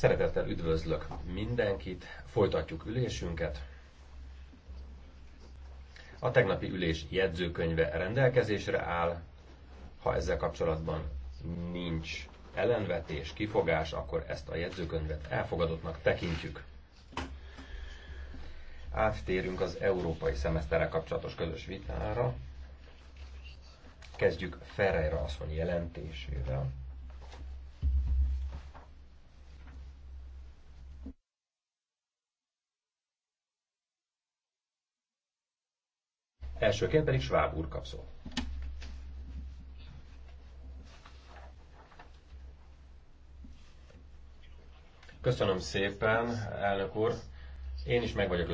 Szeretettel üdvözlök mindenkit, folytatjuk ülésünket. A tegnapi ülés jegyzőkönyve rendelkezésre áll, ha ezzel kapcsolatban nincs ellenvetés, kifogás, akkor ezt a jegyzőkönyvet elfogadottnak tekintjük. Áttérünk az európai szemeszterrel kapcsolatos közös vitára. Kezdjük Ferreira asszony jelentésével. Elsőként pedig Schwab úr kap szó. Köszönöm szépen, elnök úr. Én is meg vagyok